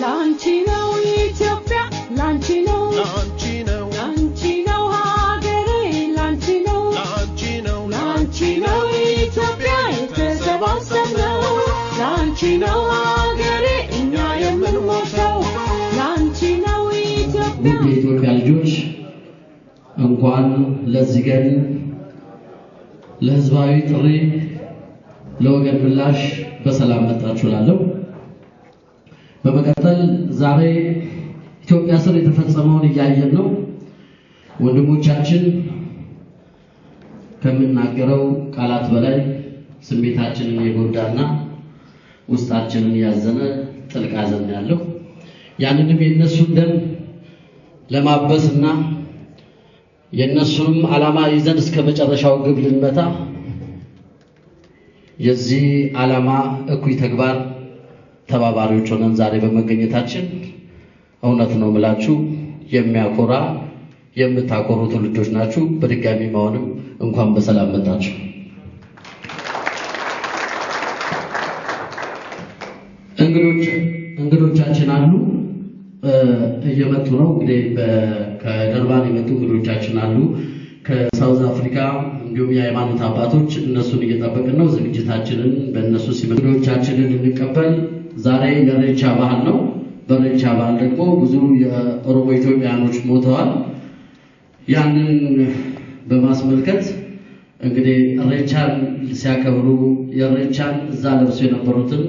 ላንቺ ነው ኢትዮጵያ ላንቺ ነው ላንቺ ነው ላንቺ ነው ሀገሬ ላንቺ ነው ላንቺ ነው ላንቺ ነው ኢትዮጵያ የተሰባሰብነው ላንቺ ነው ሀገሬ እኛ የምንሞተው ላንቺ ነው ኢትዮጵያ የኢትዮጵያ ልጆች እንኳን ለዚህ ቀን ለህዝባዊ ጥሪ ለወገን ምላሽ በሰላም መጣችሁ ላለሁ በመቀጠል ዛሬ ኢትዮጵያ ስር የተፈጸመውን እያየን ነው። ወንድሞቻችን ከምናገረው ቃላት በላይ ስሜታችንን የጎዳና ውስጣችንን ያዘነ ጥልቅ አዘን ያለው ያንንም የእነሱን ደም ለማበስና የእነሱንም ዓላማ ይዘን እስከ መጨረሻው ግብ ልንመታ የዚህ ዓላማ እኩይ ተግባር ተባባሪዎች ሆነን ዛሬ በመገኘታችን እውነት ነው ምላችሁ የሚያኮራ የምታኮሩ ትውልዶች ናችሁ። በድጋሚ መሆንም እንኳን በሰላም መጣችሁ። እንግዶቻችን አሉ እየመጡ ነው። እንግዲህ ከደርባን የመጡ እንግዶቻችን አሉ ከሳውዝ አፍሪካ እንዲሁም የሃይማኖት አባቶች እነሱን እየጠበቅን ነው። ዝግጅታችንን በእነሱ እንግዶቻችንን እንቀበል። ዛሬ የኢሬቻ በዓል ነው። በኢሬቻ በዓል ደግሞ ብዙ የኦሮሞ ኢትዮጵያኖች ሞተዋል። ያንን በማስመልከት እንግዲህ ኢሬቻን ሲያከብሩ የኢሬቻን እዛ ለብሶ የነበሩትን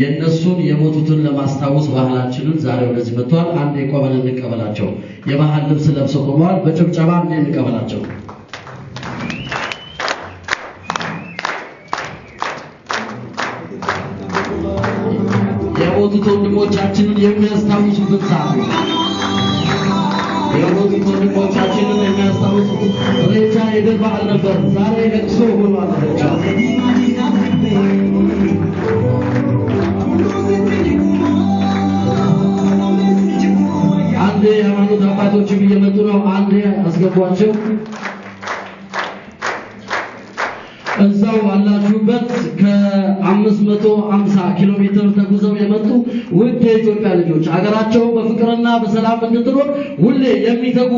የእነሱን የሞቱትን ለማስታወስ ባህላችንን ዛሬ ወደዚህ መጥተዋል። አንድ የቆመን እንቀበላቸው። የባህል ልብስ ለብሰው ቆመዋል። በጭብጨባ እንቀበላቸው። የሞቱት ወንድሞቻችንን የሚያስታውሱበት ሰዓት ነው። የሞቱት ወንድሞቻችንን የሚያስታውሱበት ሬቻ የድል በዓል ነበር፣ ዛሬ ለቅሶ ሆኗል። ሬቻ አንድ የሃይማኖት አባቶችም እየመጡ ነው። አንድ አስገቧቸው። ከዛው ባላችሁበት ከ550 ኪሎ ሜትር ተጉዘው የመጡ ውድ የኢትዮጵያ ልጆች አገራቸው በፍቅርና በሰላም እንድትኖር ሁሌ የሚተጉ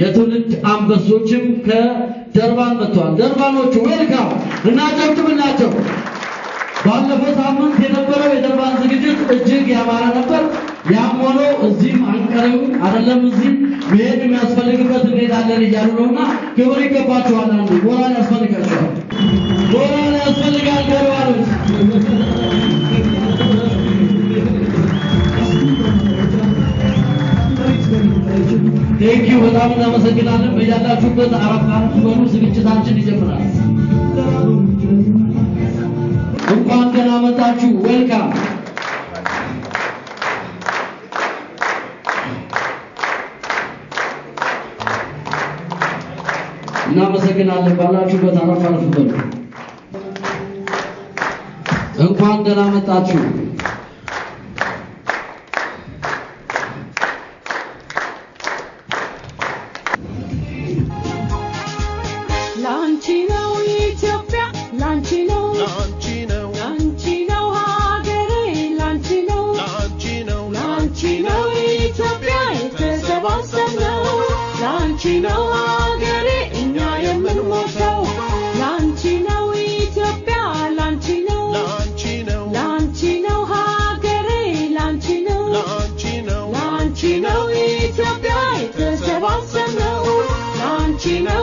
የትውልድ አንበሶችም ከደርባን መጥተዋል። ደርባኖቹ ዌልካም እናጨብጭብላቸው። ባለፈው ሳምንት የነበረው የደርባን ዝግጅት እጅግ ያማረ ነበር። ያም ሆኖ እዚህም አንቀርም አይደለም እዚህ መሄድ የሚያስፈልግበት እንሄዳለን እያሉ ነውና ክብር ይገባችኋል። አንዱ ሞራል ያስፈልጋችኋል። ጎባን ያስፈልጋል ገባሮች ቴንኪዩ በጣም እናመሰግናለን በያላችሁበት አራት አራት ዝግጅታችን ይጀምራል እንኳን ደህና መጣችሁ ዌልካም እናመሰግናለን። ባላችሁበት አረፍ አረፍ በሉ። እንኳን ደህና መጣችሁ። ኢትዮጵያ የተሰባሰብነው ላንቺ ነው።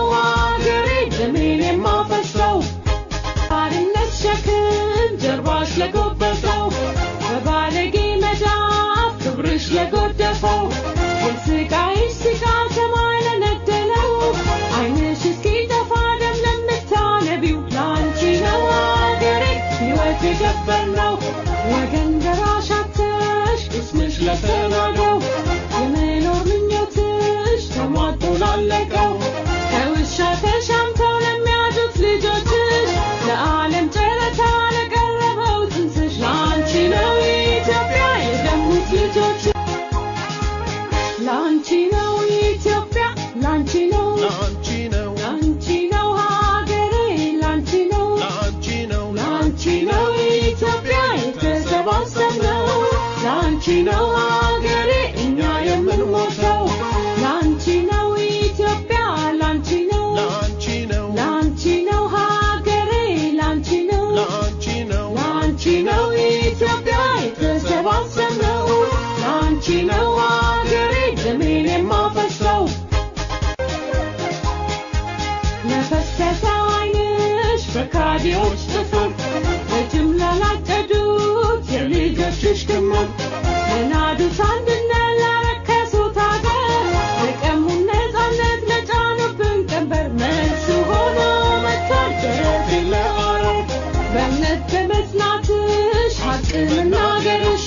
በመጽናትሽ ሀቅ መናገርሽ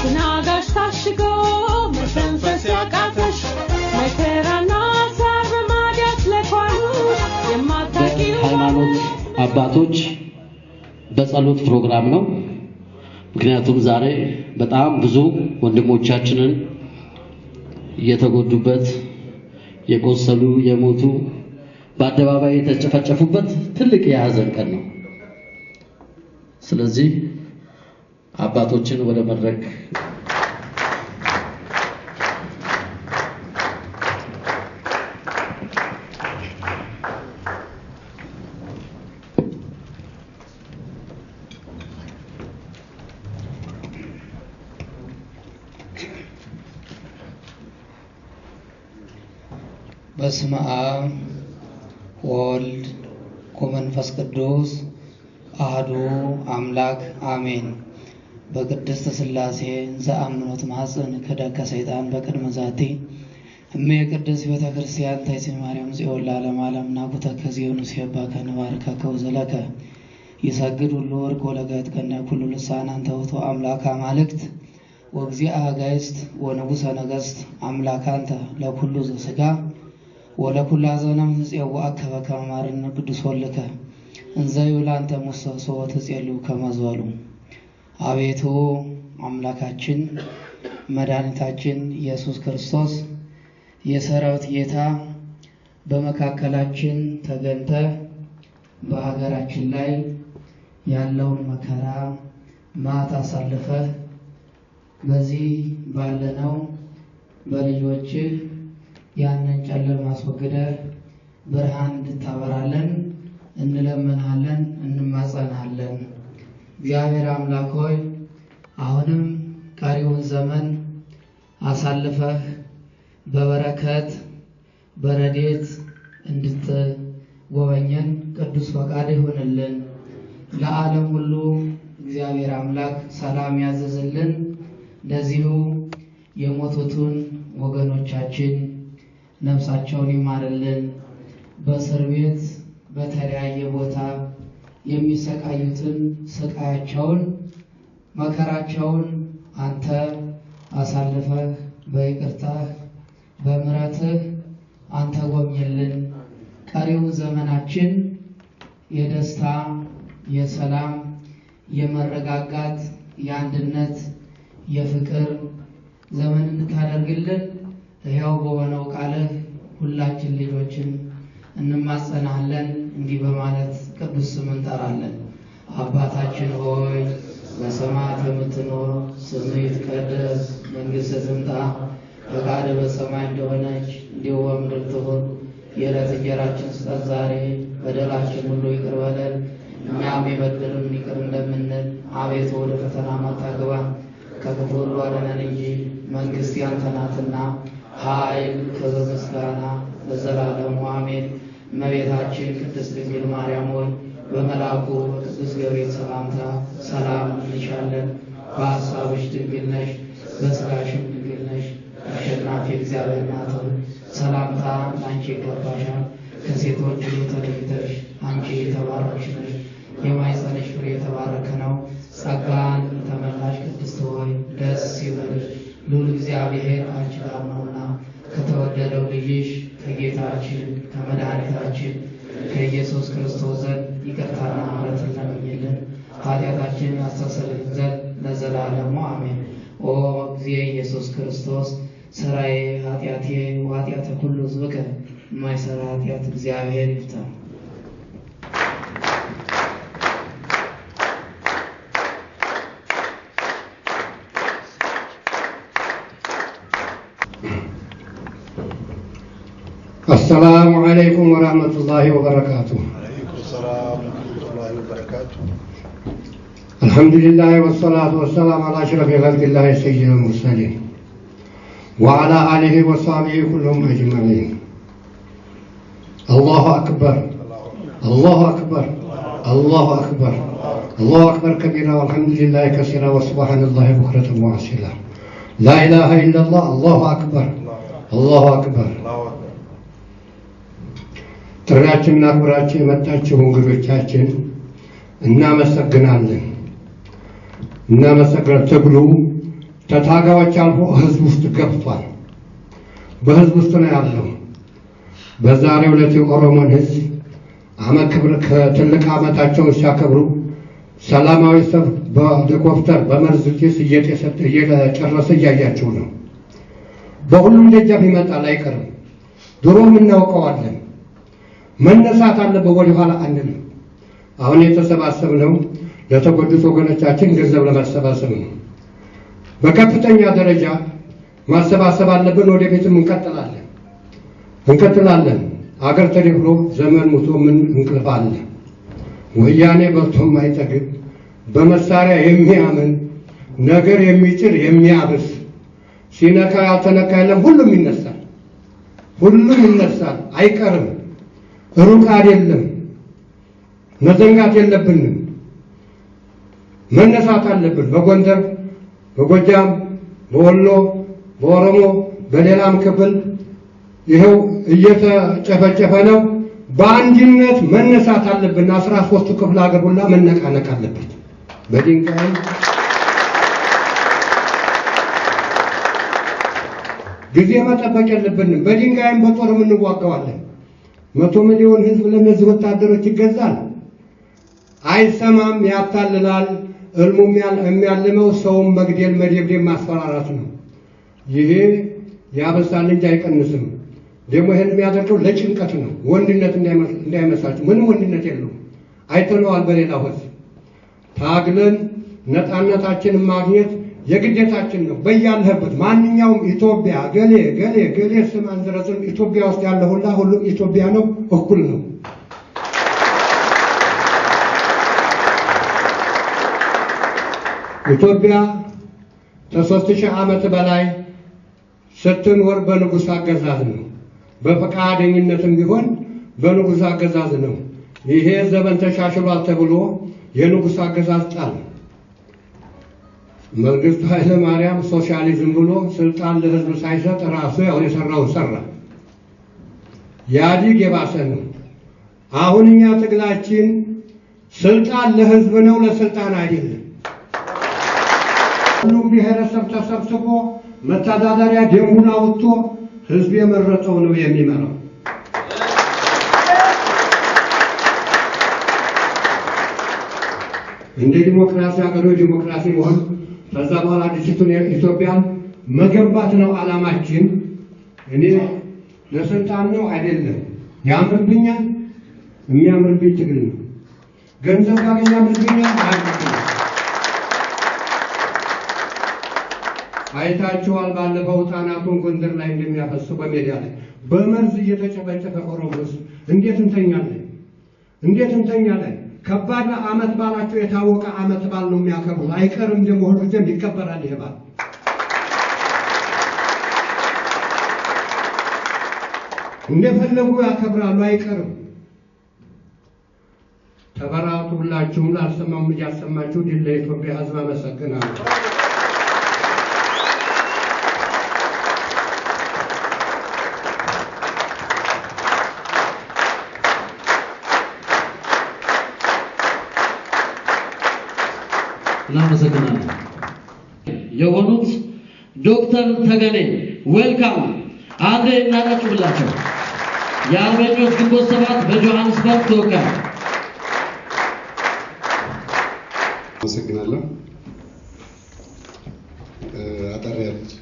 ትናጋሽ ታሽጎ መተንፈስ ያቃተሽ መከራና ሳር በማዲያት ለኳሉሽ የማታውቂው ሃይማኖት አባቶች በጸሎት ፕሮግራም ነው። ምክንያቱም ዛሬ በጣም ብዙ ወንድሞቻችንን የተጎዱበት የቆሰሉ የሞቱ በአደባባይ የተጨፈጨፉበት ትልቅ የሀዘን ቀን ነው። ስለዚህ አባቶችን ወደ መድረክ በስመ አብ ወወልድ ወመንፈስ ቅዱስ አህዱ አምላክ አሜን። በቅድስት ስላሴ ዘአምኖት ማጽን ከደከ ሰይጣን በቅድመ ዛቲ እመ የቅድስት ቤተ ክርስቲያን ታይሴ ማርያም ጽዮን ለዓለም ዓለም ናኩተ ከዚዮን ሲባ ከንባርከ ዘለከ ይሰግድ ሁሉ ወርቅ ወለጋት ቀና ኩሉ ልሳን አንተ ውእቱ አምላክ አማልክት ወእግዚአ አጋዕዝት ወንጉሠ ነገሥት አምላክ አንተ ለኩሉ ዘሥጋ ወለኩሉ አዘነ እምጽአወዐከ አከበከ ማርነ ቅዱስ ወልከ እንዘዩ ላንተ ሙሰሶ ትጼሉ ከመዝበሉ አቤቱ አምላካችን መድኃኒታችን ኢየሱስ ክርስቶስ የሰራዊት ጌታ በመካከላችን ተገንተ በሀገራችን ላይ ያለውን መከራ ማት አሳልፈ በዚህ ባለነው በልጆችህ ያንን ጨለማ አስወግደ ብርሃን እንድታበራለን እንለምንሃለን፣ እንማጸንሃለን። እግዚአብሔር አምላክ ሆይ አሁንም ቀሪውን ዘመን አሳልፈህ በበረከት በረዴት እንድትጎበኘን ቅዱስ ፈቃድ ይሁንልን። ለዓለም ሁሉ እግዚአብሔር አምላክ ሰላም ያዘዝልን። ለዚሁ የሞቱትን ወገኖቻችን ነፍሳቸውን ይማርልን። በእስር ቤት በተለያየ ቦታ የሚሰቃዩትን ስቃያቸውን መከራቸውን አንተ አሳልፈህ በይቅርታህ በምረትህ አንተ ጎብኝልን። ቀሪው ዘመናችን የደስታ፣ የሰላም፣ የመረጋጋት፣ የአንድነት፣ የፍቅር ዘመን እንድታደርግልን ሕያው በሆነው ቃልህ ሁላችን ልጆችን እንማጸናለን እንዲህ በማለት ቅዱስ ስም እንጠራለን። አባታችን ሆይ በሰማያት የምትኖር ስምህ ይትቀደስ፣ መንግሥትህ ትምጣ፣ ፈቃድህ በሰማይ እንደሆነች እንዲሁ በምድር ትሁን። የዕለት እንጀራችን ስጠን ዛሬ፣ በደላችን ሁሉ ይቅር በለን እኛም የበደሉንን ይቅር እንደምንል፣ አቤቱ ወደ ፈተና አታግባን ከክፉ ሁሉ አድነን እንጂ መንግሥት ያንተ ናትና ኃይል፣ ክብር፣ ምስጋና ለዘላለሙ አሜን። እመቤታችን ቅድስት ድንግል ማርያም ሆይ በመልአኩ በቅዱስ ገብርኤል ሰላምታ ሰላም እንልሻለን። በሀሳብሽ ድንግል ነሽ፣ በስጋሽም ድንግል ነሽ። አሸናፊ እግዚአብሔር ናት ሆይ ሰላምታ ለአንቺ ይገባሻል። ከሴቶች ሁሉ ተለይተሽ አንቺ የተባረክሽ ነሽ፣ የማኅፀንሽ ፍሬ የተባረከ ነው። ጸጋን ተመላሽ ቅድስት ሆይ ደስ ይበልሽ፣ ሉል እግዚአብሔር አንቺ ጋር ነውና ከተወደደው ልጅሽ ከጌታችን ከመድኃኒታችን ከኢየሱስ ክርስቶስ ዘንድ ይቅርታና ምሕረትን ለምኝልን ኃጢአታችን ያስተሰርይልን ዘንድ ለዘላለሙ አሜን። ኦ እግዚእ ኢየሱስ ክርስቶስ ስራዬ ኃጢአቴ ኃጢአተ ኩሉ ሕዝብከ የማይሰራ ኃጢአት እግዚአብሔር ይፍታ። ورحمة الله وبركاته عليكم السلام ورحمة الله وبركاته الحمد لله والصلاة والسلام على أشرف خلق الله سيدنا المرسلين وعلى آله وصحبه كلهم أجمعين الله أكبر الله أكبر الله أكبر الله أكبر كبيرا والحمد لله كثيرا وسبحان الله بكرة وعسلا لا إله إلا الله الله أكبر الله أكبر, الله أكبر. ጥሪያችንና ክብራችን የመጣችሁ እንግዶቻችን እናመሰግናለን። እናመሰግናል። ትግሉ ተታጋዮች አልፎ ህዝብ ውስጥ ገብቷል። በህዝብ ውስጥ ነው ያለው። በዛሬው ዕለት የኦሮሞን ህዝብ ከትልቅ አመታቸውን ሲያከብሩ ሰላማዊ ሰብ በሄሊኮፕተር በመርዝ ጭስ እየጨረሰ እያያቸው ነው። በሁሉም ደጃፍ ይመጣል አይቀርም። ድሮም እናውቀዋለን። መነሳት አለበት። ወደኋላ አንልም። አሁን የተሰባሰብነው ለተጎዱት ወገኖቻችን ገንዘብ ለማሰባሰብ ነው። በከፍተኛ ደረጃ ማሰባሰብ አለብን። ወደ ቤትም እንቀጥላለን እንቀጥላለን። አገር ተደፍሎ ዘመን ሙቶ ምን እንቅልፍ አለ? ወያኔ በልቶ የማይጠግብ በመሳሪያ የሚያምን ነገር የሚጭር የሚያብስ ሲነካ ያልተነካ የለም። ሁሉም ይነሳል፣ ሁሉም ይነሳል፣ አይቀርም። ሩቅ አይደለም። መዘንጋት የለብንም። መነሳት አለብን። በጎንደር፣ በጎጃም፣ በወሎ፣ በኦሮሞ በሌላም ክፍል ይኸው እየተጨፈጨፈ ነው። በአንድነት መነሳት አለብን። አስራ ሶስቱ ክፍለ ሀገር ሁላ መነቃነቅ አለበት። በድንጋይም ጊዜ መጠበቅ የለብንም። በድንጋይም በጦር እንዋጋዋለን። መቶ ሚሊዮን ህዝብ ለነዚህ ወታደሮች ይገዛል? አይሰማም፣ ያታልላል። እልሙ የሚያልመው ሰውን መግደል፣ መደብደብ፣ ማስፈራራት ነው። ይሄ ያበሳል እንጂ አይቀንስም። ደግሞ ይህን የሚያደርገው ለጭንቀት ነው። ወንድነት እንዳይመስላችሁ፣ ምንም ወንድነት የለውም። አይተነዋል። በሌላ ሆስ ታግለን ነፃነታችንን ማግኘት የግዴታችን ነው። በያለህበት ማንኛውም ኢትዮጵያ ገሌ ገሌ ገሌ ስም አንዝረዝም። ኢትዮጵያ ውስጥ ያለ ሁላ ሁሉም ኢትዮጵያ ነው፣ እኩል ነው። ኢትዮጵያ ከሶስት ሺህ ዓመት በላይ ስትኖር በንጉሥ አገዛዝ ነው። በፈቃደኝነትም ቢሆን በንጉሥ አገዛዝ ነው። ይሄ ዘመን ተሻሽሏል ተብሎ የንጉሥ አገዛዝ ጣል መንግስቱ ኃይለ ማርያም ሶሻሊዝም ብሎ ስልጣን ለህዝብ ሳይሰጥ ራሱ ያሁን የሰራውን ሰራ። ያዲግ የባሰ ነው። አሁን እኛ ትግላችን ስልጣን ለህዝብ ነው፣ ለስልጣን አይደለም። ሁሉም ብሔረሰብ ተሰብስቦ መተዳደሪያ ደንቡን አውጥቶ ህዝብ የመረጠው ነው የሚመራው። እንደ ዲሞክራሲ አገዶ ዲሞክራሲ መሆን ከዛ በኋላ አዲሲቱን ኢትዮጵያን መገንባት ነው ዓላማችን። እኔ ለስልጣን ነው አይደለም፣ ያምርብኛል፣ የሚያምርብኝ ትግል ነው። ገንዘብ ካገኝ ያምርብኛል። አይታችኋል፣ ባለፈው ህፃናቱን ጎንደር ላይ እንደሚያፈሱ በሜዳ ላይ በመርዝ እየተጨፈጨፈ ኦሮሞስ እንዴት እንተኛለን? እንዴት እንተኛለን? ከባድ አመት ባላቸው የታወቀ አመት ባል ነው የሚያከብሩት። አይቀርም ደግሞ ሁሉ ዘንድ ይከበራል ይሄ በዓል። እንደፈለጉ ያከብራሉ፣ አይቀርም። ተበራቱ። ሁላችሁም ላልሰማሙ እያሰማችሁ ድል ለኢትዮጵያ ሕዝብ አመሰግናለሁ። አመሰግናለሁ። የሆኑት ዶክተር ተገኔ ዌልካም አንድ እናቀርብላቸው። የአርበኞች ግንቦት ሰባት በጆሃንስበርግ ተወካይ አመሰግናለሁ። አጠር ያለች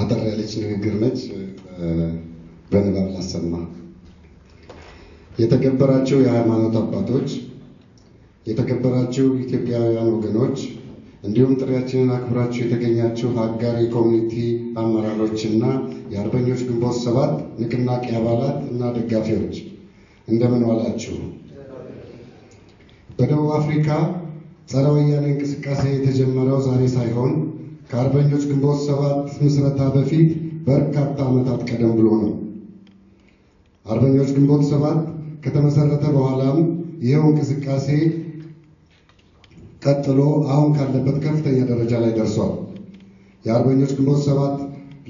አጠር ያለች ንግግር ነች። በንባብ ላሰማ። የተከበራቸው የሃይማኖት አባቶች የተከበራችሁ ኢትዮጵያውያን ወገኖች እንዲሁም ጥሪያችንን አክብራችሁ የተገኛችሁ አጋር የኮሚኒቲ አመራሮችና የአርበኞች ግንቦት ሰባት ንቅናቄ አባላት እና ደጋፊዎች እንደምን ዋላችሁ። በደቡብ አፍሪካ ጸረ ወያኔ እንቅስቃሴ የተጀመረው ዛሬ ሳይሆን ከአርበኞች ግንቦት ሰባት ምስረታ በፊት በርካታ ዓመታት ቀደም ብሎ ነው። አርበኞች ግንቦት ሰባት ከተመሰረተ በኋላም ይኸው እንቅስቃሴ ቀጥሎ አሁን ካለበት ከፍተኛ ደረጃ ላይ ደርሷል። የአርበኞች ግንቦት ሰባት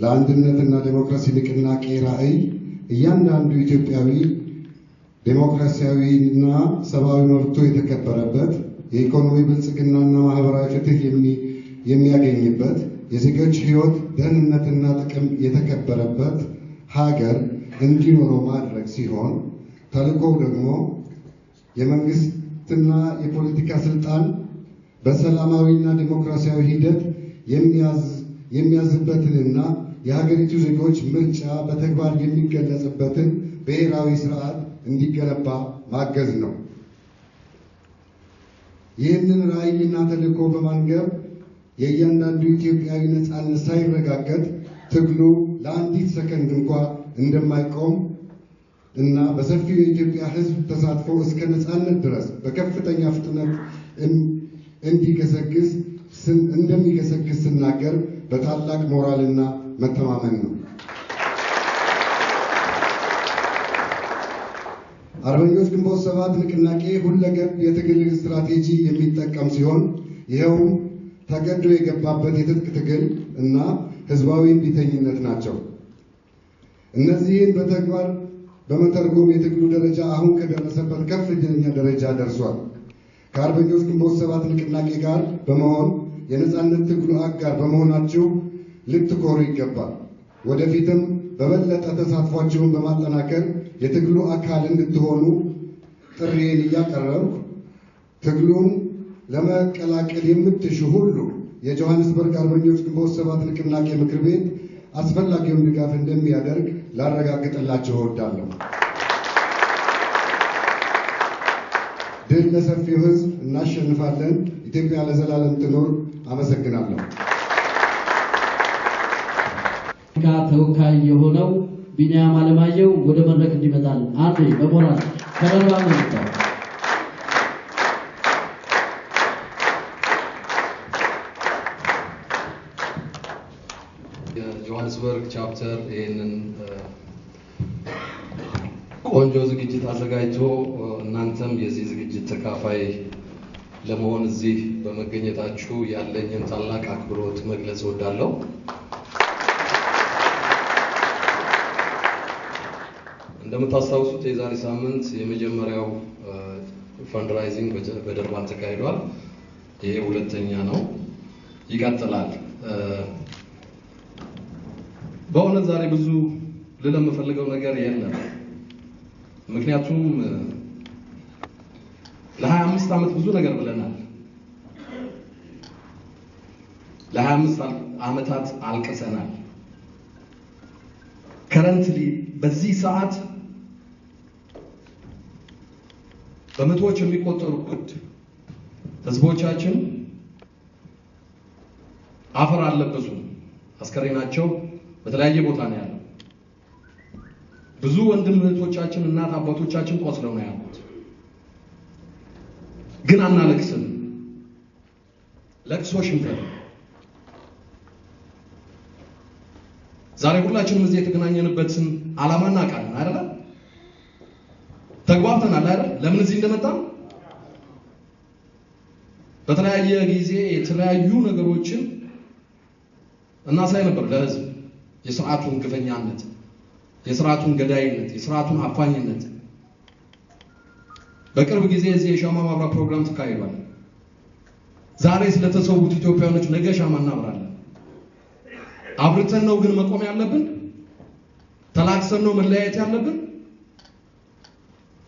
ለአንድነትና ዴሞክራሲ ንቅናቄ ራዕይ እያንዳንዱ ኢትዮጵያዊ ዴሞክራሲያዊና ሰብአዊ መብቱ የተከበረበት የኢኮኖሚ ብልጽግናና ማህበራዊ ፍትህ የሚያገኝበት የዜጎች ሕይወት ደህንነትና ጥቅም የተከበረበት ሀገር እንዲኖረው ማድረግ ሲሆን ተልእኮው ደግሞ የመንግስትና የፖለቲካ ስልጣን በሰላማዊና ዲሞክራሲያዊ ሂደት የሚያዝበትንና የሀገሪቱ ዜጎች ምርጫ በተግባር የሚገለጽበትን ብሔራዊ ስርዓት እንዲገነባ ማገዝ ነው። ይህንን ራዕይና ተልዕኮ በማንገብ የእያንዳንዱ ኢትዮጵያዊ ነፃነት ሳይረጋገጥ ትግሉ ለአንዲት ሰከንድ እንኳ እንደማይቆም እና በሰፊው የኢትዮጵያ ሕዝብ ተሳትፎ እስከ ነፃነት ድረስ በከፍተኛ ፍጥነት እንዲገሰግስ እንደሚገሰግስ ስናገር በታላቅ ሞራልና መተማመን ነው። አርበኞች ግንቦት ሰባት ንቅናቄ ሁለገብ የትግል ስትራቴጂ የሚጠቀም ሲሆን ይኸውም ተገዶ የገባበት የትጥቅ ትግል እና ህዝባዊ ቢተኝነት ናቸው። እነዚህን በተግባር በመተርጎም የትግሉ ደረጃ አሁን ከደረሰበት ከፍተኛ ደረጃ ደርሷል። ከአርበኞች ግንቦት ሰባት ንቅናቄ ጋር በመሆን የነፃነት ትግሉ አጋር በመሆናችሁ ልትኮሩ ይገባል። ወደፊትም በበለጠ ተሳትፏችሁን በማጠናከር የትግሉ አካል እንድትሆኑ ጥሪን እያቀረብኩ ትግሉን ለመቀላቀል የምትሹ ሁሉ የጆሐንስበርግ አርበኞች ግንቦት ሰባት ንቅናቄ ምክር ቤት አስፈላጊውን ድጋፍ እንደሚያደርግ ላረጋግጥላችሁ እወዳለሁ። ድል ለሰፊው ህዝብ እናሸንፋለን! ኢትዮጵያ ለዘላለም ትኖር! አመሰግናለሁ። ተወካይ የሆነው ቢኒያም አለማየሁ ወደ መድረክ እንዲመጣል አንዴ በሞራል ከመርባ መጣ። የጆሃንስበርግ ቻፕተር ይህንን ቆንጆ ዝግጅት አዘጋጅቶ እናንተም የዚህ ዝግጅት ተካፋይ ለመሆን እዚህ በመገኘታችሁ ያለኝን ታላቅ አክብሮት መግለጽ እወዳለሁ። እንደምታስታውሱት የዛሬ ሳምንት የመጀመሪያው ፈንድራይዚንግ በደርባን ተካሂዷል። ይሄ ሁለተኛ ነው፣ ይቀጥላል። በእውነት ዛሬ ብዙ ልለምፈልገው ነገር የለም። ምክንያቱም ለሀያ አምስት ዓመት ብዙ ነገር ብለናል። ለሀያ አምስት ዓመታት አልቅሰናል። ከረንትሊ በዚህ ሰዓት በመቶዎች የሚቆጠሩ ህዝቦቻችን አፈር አለበሱ። አስከሬናቸው በተለያየ ቦታ ነው ያለው። ብዙ ወንድም እህቶቻችን፣ እናት አባቶቻችን ቆስለው ነው ያሉት። ግን አናለቅስም። ለቅሶ ሽንፈት። ዛሬ ሁላችንም እዚህ የተገናኘንበትን ዓላማ እናውቃለን አይደለ? ተግባብተናል አይደል? ለምን እዚህ እንደመጣ በተለያየ ጊዜ የተለያዩ ነገሮችን እናሳይ ነበር ለህዝብ የስርዓቱን ግፈኛነት የስርዓቱን ገዳይነት፣ የስርዓቱን አፋኝነት በቅርብ ጊዜ እዚህ የሻማ ማብራት ፕሮግራም ተካሂዷል። ዛሬ ስለተሰዉት ኢትዮጵያኖች ነገ ሻማ እናብራለን። አብርተን ነው ግን መቆም ያለብን? ተላክሰን ነው መለያየት ያለብን?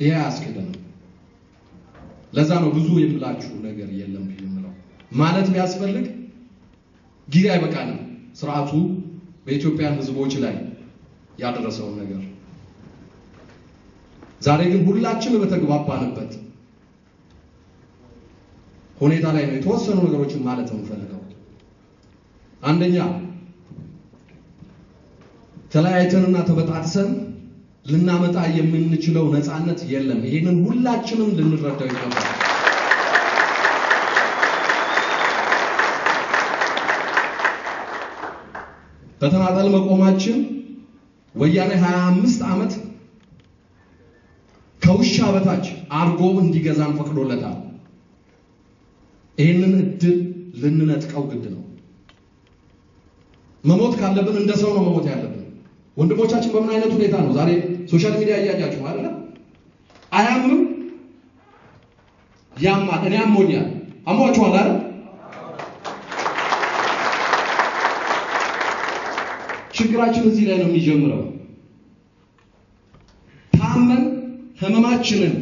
ይሄ አያስኬደንም። ለዛ ነው ብዙ የምላችሁ ነገር የለም የምለው። ማለት ቢያስፈልግ ጊዜ አይበቃንም። ስርዓቱ በኢትዮጵያ ህዝቦች ላይ ያደረሰውን ነገር ዛሬ ግን ሁላችን በተግባባንበት ሁኔታ ላይ ነው የተወሰኑ ነገሮችን ማለት ነው የምፈልገው። አንደኛ ተለያይተንና ተበጣጥሰን ልናመጣ የምንችለው ነፃነት የለም። ይህንን ሁላችንም ልንረዳው ይገባል። በተናጠል መቆማችን ወያኔ 25 ዓመት ከውሻ በታች አርጎ እንዲገዛን ፈቅዶለታል። ይህንን እድል ልንነጥቀው ግድ ነው። መሞት ካለብን እንደ ሰው ነው መሞት ያለብን። ወንድሞቻችን በምን አይነት ሁኔታ ነው ዛሬ ሶሻል ሚዲያ እያያችሁ አይደለ? አያምም። ያማል። እኔ አሞኛል። አሟችኋል አይደል? ችግራችን እዚህ ላይ ነው የሚጀምረው። ታመን ህመማችንን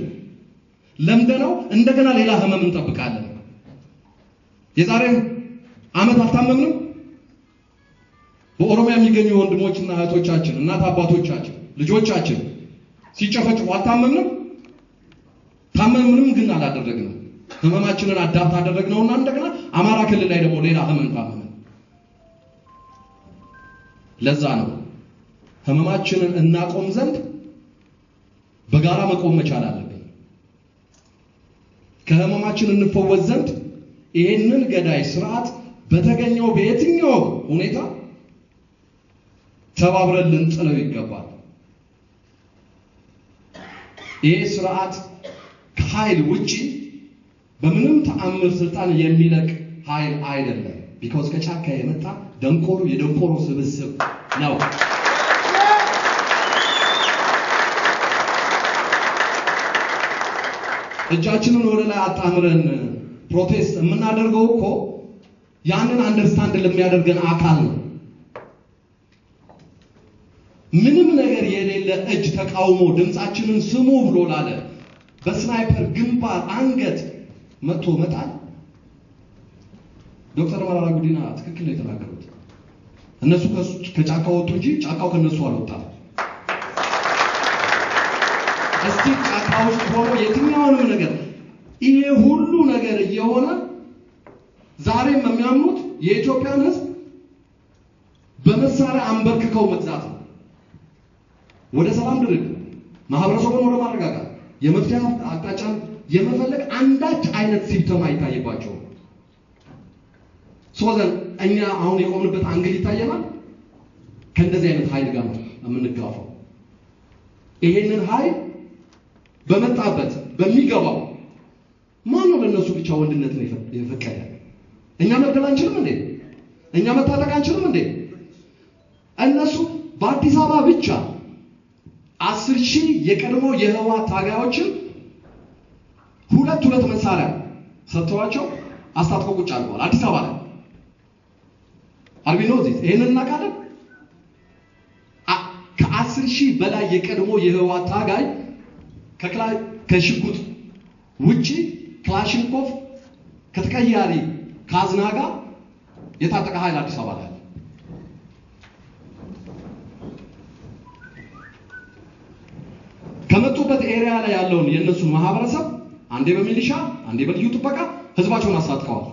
ለምደነው እንደገና ሌላ ህመም እንጠብቃለን። የዛሬ አመት አልታመምንም። በኦሮሚያ የሚገኙ ወንድሞችና እህቶቻችን፣ እናት አባቶቻችን፣ ልጆቻችን ሲጨፈጭፉ አልታመምንም። ታመምንም ግን አላደረግንም። ህመማችንን አዳብት አደረግነውና እንደገና አማራ ክልል ላይ ደግሞ ሌላ ህመም ታመም ለዛ ነው ህመማችንን እናቆም ዘንድ በጋራ መቆም መቻል አለብን። ከህመማችን እንፈወስ ዘንድ ይህንን ገዳይ ስርዓት በተገኘው በየትኛው ሁኔታ ተባብረን ልንጥለው ይገባል። ይህ ስርዓት ከኃይል ውጪ በምንም ተአምር ስልጣን የሚለቅ ኃይል አይደለም። ቢኮዝ ከጫካ የመጣ ደንቆሩ የደንቆሮ ስብስብ ነው። እጃችንን ወደ ላይ አጣምረን ፕሮቴስት የምናደርገው እኮ ያንን አንደርስታንድ ለሚያደርገን አካል ነው። ምንም ነገር የሌለ እጅ ተቃውሞ ድምፃችንን ስሙ ብሎ ላለ በስናይፐር ግንባር አንገት መጥቶ መጣል ዶክተር መረራ ጉዲና ትክክል ነው የተናገሩት። እነሱ ከጫካው ወጡ እንጂ ጫካው ከነሱ አልወጣም። እስቲ ጫካ ውስጥ ሆኖ የትኛውንም ነገር ይሄ ሁሉ ነገር እየሆነ ዛሬም የሚያምኑት የኢትዮጵያን ሕዝብ በመሳሪያ አንበርክከው መግዛት ነው። ወደ ሰላም ድርድር፣ ማህበረሰቡን ወደ ማረጋጋት የመፍትሄ አቅጣጫን የመፈለግ አንዳች አይነት ሲምፕተም አይታይባቸውም። ሶዘን እኛ አሁን የቆምንበት አንግል ይታየናል። ከእንደዚህ አይነት ኃይል ጋር ነው የምንጋፋው። ይሄንን ኃይል በመጣበት በሚገባው ማን ነው ለእነሱ ብቻ ወንድነትን የፈቀደ? እኛ መግደል አንችልም እንዴ? እኛ መታጠቅ አንችልም እንዴ? እነሱ በአዲስ አበባ ብቻ አስር ሺህ የቀድሞ የህዋ ታጋዮችን ሁለት ሁለት መሳሪያ ሰጥተዋቸው አስታጥቆ ቁጭ አድርገዋል አዲስ አበባ ላይ አርቢኖዚ ይህንን እናውቃለን። ከአስር ሺህ በላይ የቀድሞ የህዋ ታጋይ ከሽጉጥ ውጪ ክላሽንኮቭ ከተቀያሪ ካዝና ጋር የታጠቀ ኃይል አዲስ አበባ ላይ ከመጡበት ኤሪያ ላይ ያለውን የእነሱን ማህበረሰብ አንዴ በሚሊሻ አንዴ በልዩ ጥበቃ ህዝባቸውን አስታጥቀዋል።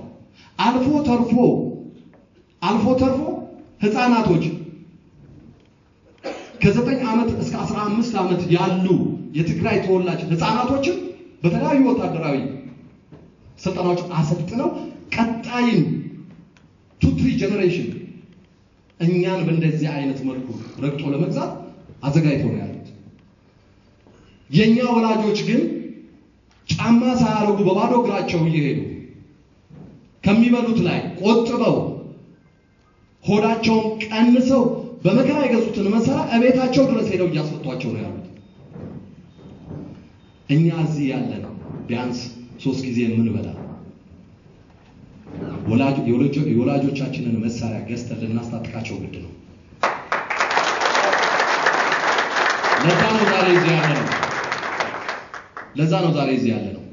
አልፎ ተርፎ አልፎ ተርፎ ህፃናቶች ከዘጠኝ ዓመት እስከ 15 አምስት ዓመት ያሉ የትግራይ ተወላጅ ህፃናቶችን በተለያዩ ወታደራዊ ስልጠናዎች አሰልጥነው ቀጣይን ቱ ትሪ ጀኔሬሽን እኛን በእንደዚህ አይነት መልኩ ረግጦ ለመግዛት አዘጋጅቶ ነው ያሉት። የእኛ ወላጆች ግን ጫማ ሳያደርጉ በባዶ እግራቸው እየሄዱ ከሚበሉት ላይ ቆጥበው ሆዳቸውን ቀንሰው በመከራ የገዙትን መሰራ እቤታቸው ድረስ ሄደው እያስፈቷቸው ነው ያሉት። እኛ እዚህ ያለን ቢያንስ ሶስት ጊዜ የምንበላ የወላጆቻችንን መሳሪያ ገዝተን ልናስታጥቃቸው ግድ ነው። ለዛ ነው ዛሬ እዚህ ያለ ነው። ለዛ ነው ዛሬ እዚህ ያለ ነው።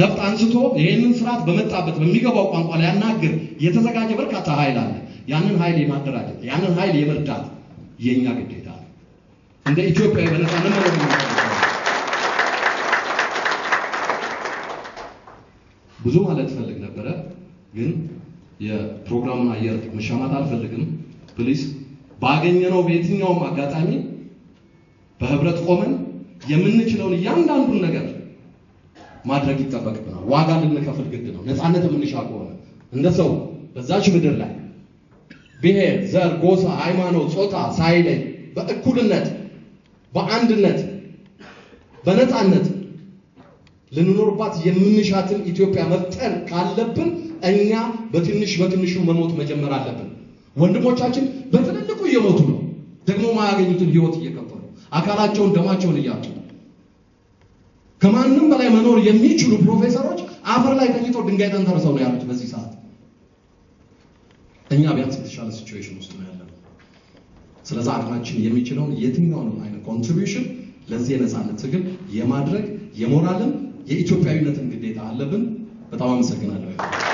ነፍጥ አንስቶ ይህንን ስርዓት በመጣበት በሚገባው ቋንቋ ሊያናግር የተዘጋጀ በርካታ ኃይል አለ። ያንን ኃይል የማደራጀት ያንን ኃይል የመርዳት የእኛ ግዴታ ነው። እንደ ኢትዮጵያ የበነሳ በነፃነት ብዙ ማለት ፈልግ ነበረ፣ ግን የፕሮግራሙን አየር መሻማት አልፈልግም። ፕሊስ ባገኘነው በየትኛውም አጋጣሚ በህብረት ቆመን የምንችለውን እያንዳንዱን ነገር ማድረግ ይጠበቅብናል። ዋጋ ልንከፍል ግድ ነው። ነፃነት የምንሻ ከሆነ እንደ ሰው በዛች ምድር ላይ ብሔር፣ ዘር፣ ጎሳ፣ ሃይማኖት፣ ጾታ ሳይለይ በእኩልነት በአንድነት በነፃነት ልንኖርባት የምንሻትን ኢትዮጵያ መፍጠር ካለብን እኛ በትንሽ በትንሹ መሞት መጀመር አለብን። ወንድሞቻችን በትልልቁ እየሞቱ ነው። ደግሞ ማያገኙትን ህይወት እየከፈሉ አካላቸውን፣ ደማቸውን እያጡ ከማንም በላይ መኖር የሚችሉ ፕሮፌሰሮች አፈር ላይ ተኝተው ድንጋይ ተንተርሰው ነው ያሉት። በዚህ ሰዓት እኛ ቢያንስ የተሻለ ሲቹዌሽን ውስጥ ነው ያለነው። ስለዚህ አቅማችን የሚችለውን የትኛውንም አይነት ኮንትሪቢዩሽን ለዚህ የነፃነት ትግል የማድረግ የሞራልም የኢትዮጵያዊነትን ግዴታ አለብን። በጣም አመሰግናለሁ።